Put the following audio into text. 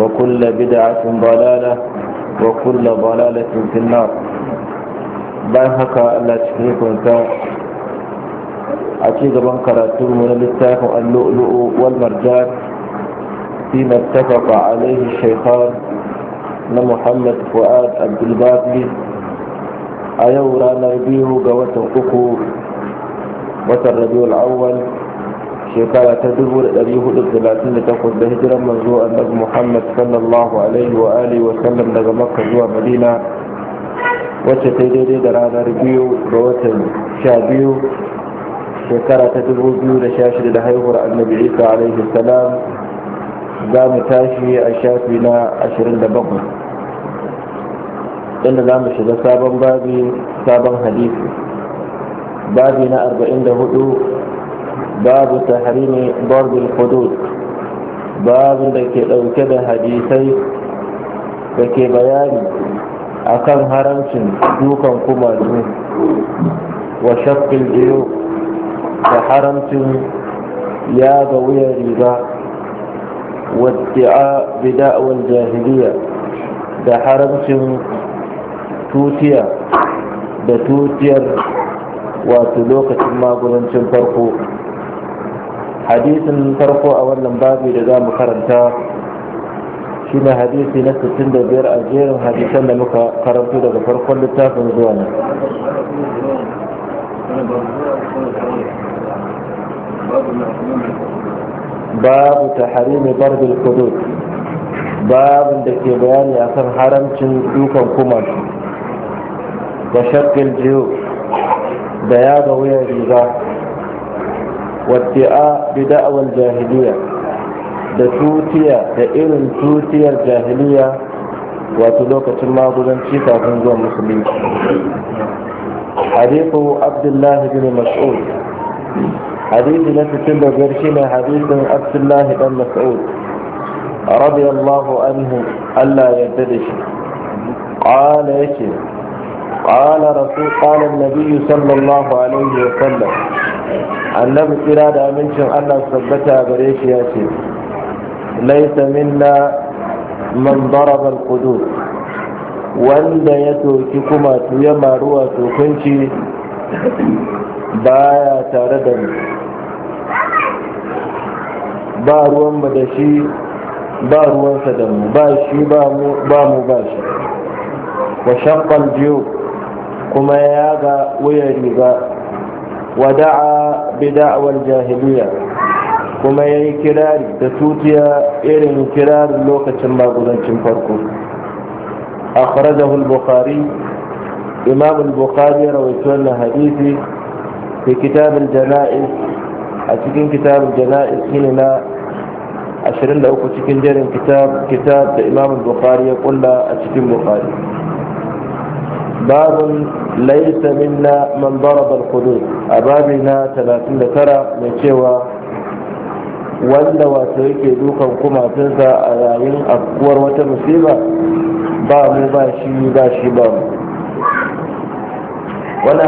وكل بدعة ضلالة وكل ضلالة في النار بحق الله تشكركم أكيد من قرأتم من الاتفاق اللؤلؤ والمرجان فيما اتفق عليه الشيخان محمد فؤاد عبد الباقي أيورا نربيه قوة أخو وتربيه الأول shekara ta 438 da hijiran manzo annabi Muhammad sallallahu alaihi wa alihi wa sallam daga Makka zuwa Madina wacce ta daidai da ranar biyu ga watan sha biyu shekara ta 2016 da haihuwar annabi Isa alaihi salam za mu tashi a shafi na 27 inda za mu shiga sabon babi sabon hadisi babi na 44 babu tahrimi barbul hudud babin da ke ɗauke da hadisai da ke bayani kan haramcin dukan kumatu wa shakkin biyu da haramcin ya ga wuyan riga wadda'a bida'awar jahiliya da haramcin tutiya da tutiyar wato lokacin magudancin farko hadisin farko a wannan babu da za mu karanta shi ne hadisi na biyar a jerin hadisan da muka karanta daga farkon littafin zuwa ne babu ta harimi barbil kudu babin da ke bayani akan haramcin dukan kuma. da shakil jiyo da yaga wuyan riga wadda'a bida'awar jahiliya da tutiya da irin tutiyar jahiliya wato lokacin magudanci kafin zuwa musulunci hadithu abdullahi bin mas'ud hadithi na cikin da biyar shine hadithin abdullahi dan mas'ud radiyallahu anhu Allah ya yarda da shi qala yake قال رسول قال النبي صلى الله عليه وسلم annabi tsira da amincin allah tabbata gare shi ya ce laisa minna man daraba kudu. wanda ya toki kuma ya maruwa tokunci baya tare da mu ba ruwan mu da shi ba ruwansa da mu ba shi ba mu ba shi wa shaqqal biyu. kuma ya ga wayar riga wada'a bida'awar jahiliya kuma ya yi kirari da tutiya irin kirarin lokacin magudancin farko a kharajahul bukhari imam al ya rawaito wannan hadisi fi kitabul jana'is a cikin kitabul jana'is shine 23 cikin jerin kitab da imamul al ya kulla a cikin باب ليس منا من ضرب الحدود أبابنا 39 من شوى wanda wato yake dukan kumatunsa a yayin afkuwar wata musiba ba mu ba shi ba shi ba mu